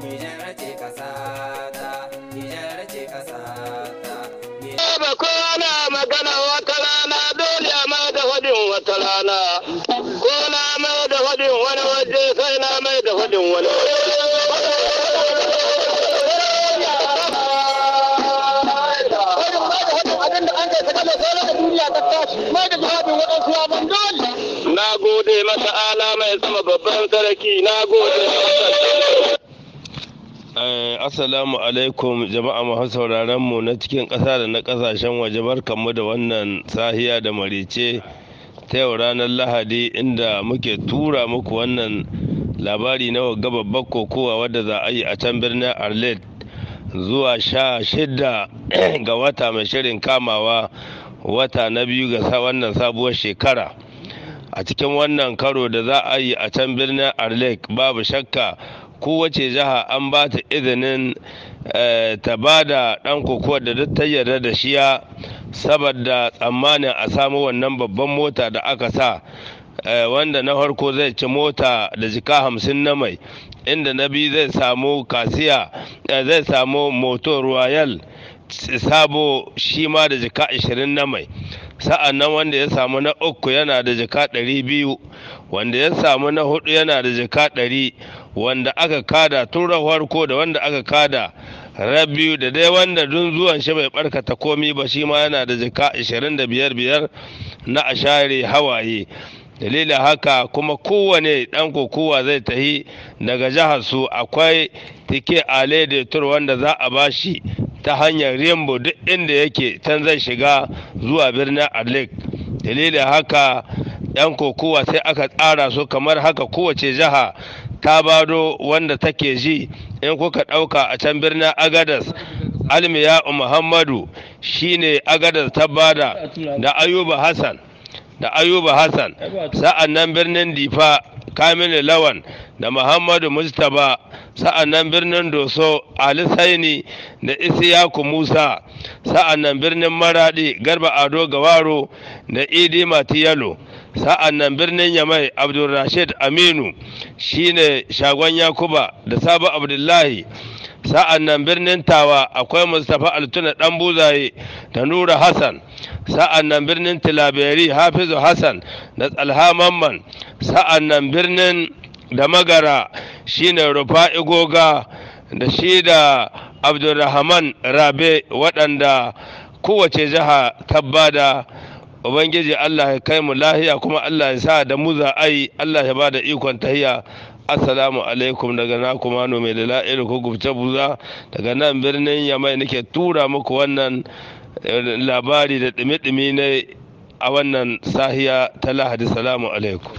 Nijar ce kasata, Nijar ce kasata. Ba Ko na magana wata rana dole a mai da hudin wata rana. Ko na mai da hudin wani waje sai na mai da hudin wani Na gode masa ala mai sama babban sarki, na gode masa. assalamu alaikum jama'a masu sauraron mu na cikin ƙasa da na ƙasashen waje barkanmu da wannan sahiya da marice ta yau ranar lahadi inda muke tura muku wannan labari na wagga babbar kokowa wadda za a yi a can birnin arlet zuwa sha shidda ga wata mai shirin kamawa wata na biyu ga wannan sabuwar shekara a cikin wannan karo da za a yi a can birnin arlet babu shakka kowace jiha an ba ta izinin eh, ta ba da ɗan kokowa da duk ta yarda da shiya saboda tsammanin a samu wannan babban mota da aka sa eh, wanda na farko zai ci mota da jika hamsin na mai inda na biyu zai samu kasiya eh, zai samu motor royal sabo shi ma da jika ashirin na mai sa'an nan wanda ya samu na uku yana da jika ɗari biyu wanda ya samu na hudu yana da jika ɗari wanda aka kada tun farko da wanda aka kada rabiu da dai wanda dun zuwan shi bai barkata komi ba shi ma yana da jika ashirin na ashare hawaye dalilin haka kuma kowane ɗan kokowa zai tahi daga jihar su akwai tike ale da tur wanda za a bashi ta hanyar rainbow duk inda yake can zai shiga zuwa birnin alek dalilin haka 'yan kokowa sai aka tsara su kamar haka kowace jiha ta bado wanda take ji in kuka ɗauka a can birnin agadas almiya muhammadu shine agadas ta bada da ayuba hassan da ayuba hassan sa'an nan birnin difa Kaminu lawan da muhammadu mustaba sa'annan birnin doso ali saini da isiyaku musa sa'annan birnin maradi garba ado gawaro da idi matiyalo sa'annan birnin yamai abdulrashid aminu shine shagon yakuba da sabo abdullahi sa'annan birnin tawa akwai mustapha altuna dan buzaye da nura hassan sa'an nan birnin tilaberi hafizu hassan da tsalha mamman sa'an nan birnin da magara shine rufa'i goga da shi da abdulrahman rabe waɗanda kowace jiha tabba da ubangiji allah ya kai mu lahiya kuma allah ya sa da mu za'ai allah ya ba da ikon tahiya assalamu alaikum daga na kuma mai da la'iru ko gubce buza daga nan birnin yamai nake tura muku wannan labari da ɗume-ɗume ne a wannan sahiya ta lahadi salamu alaikum